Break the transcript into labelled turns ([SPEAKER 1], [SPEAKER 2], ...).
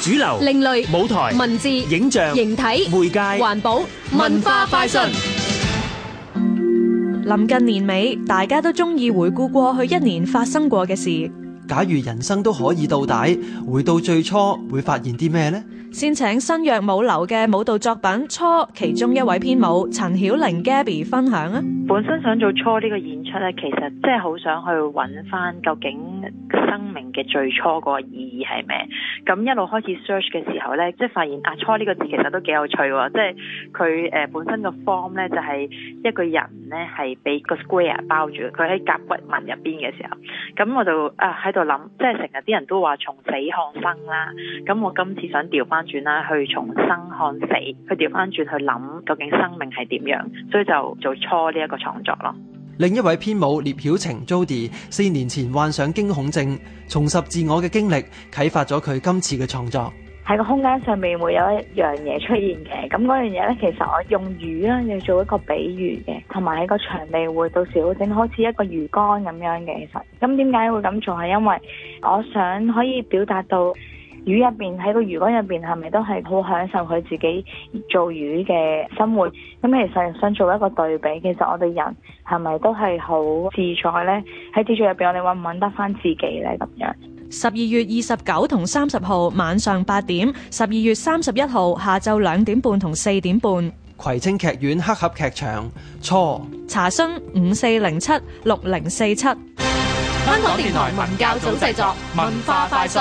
[SPEAKER 1] .主流、另類、舞台、文字、影像、形
[SPEAKER 2] 體、媒介、環保、文化快訊。臨近年尾，大家都鍾意回顧過去一年發生過嘅事。
[SPEAKER 1] 假如人生都可以到底，回到最初，會發現啲咩咧？
[SPEAKER 2] 先請新約舞流嘅舞蹈作品《初》，其中一位編舞陳曉玲 Gabby 分享啊！本身想做《初》呢個演出咧，其實即係
[SPEAKER 3] 好想去揾翻，究竟生命嘅最初個意義係咩？咁一路開始 search 嘅時候咧，即係發現啊，《初》呢個字其實都幾有趣喎，即係佢誒本身個 form 咧，就係一個人咧係畀個 square 包住，佢喺甲骨文入邊嘅時候，咁我就啊喺度。去即係成日啲人都話從死看生啦，咁我今次想調翻轉啦，去從生看死，去調翻轉去諗究竟生命係點樣，所以就做初呢一個創作咯。
[SPEAKER 1] 另一位編舞列曉晴 j o e y 四年前，患上驚恐症，重拾自我嘅經歷啟發咗佢今次嘅創作。
[SPEAKER 4] 喺個空間上面會有一樣嘢出現嘅，咁嗰樣嘢咧，其實我用魚啦要做一個比喻嘅，同埋喺個場地會到時會整好似一個魚缸咁樣嘅。其實，咁點解會咁做？係因為我想可以表達到魚入邊喺個魚缸入邊係咪都係好享受佢自己做魚嘅生活？咁其實想做一個對比，其實我哋人係咪都係好自在呢？喺自助入邊，我哋揾唔揾得翻自己呢？咁樣。
[SPEAKER 2] 十二月二十九同三十號晚上八點，十二月三十一號下晝兩點半同四點半，葵
[SPEAKER 1] 青劇院黑盒劇場。錯，
[SPEAKER 2] 查詢五四零七六零四七。香
[SPEAKER 1] 港電台文教組製作，文化快訊。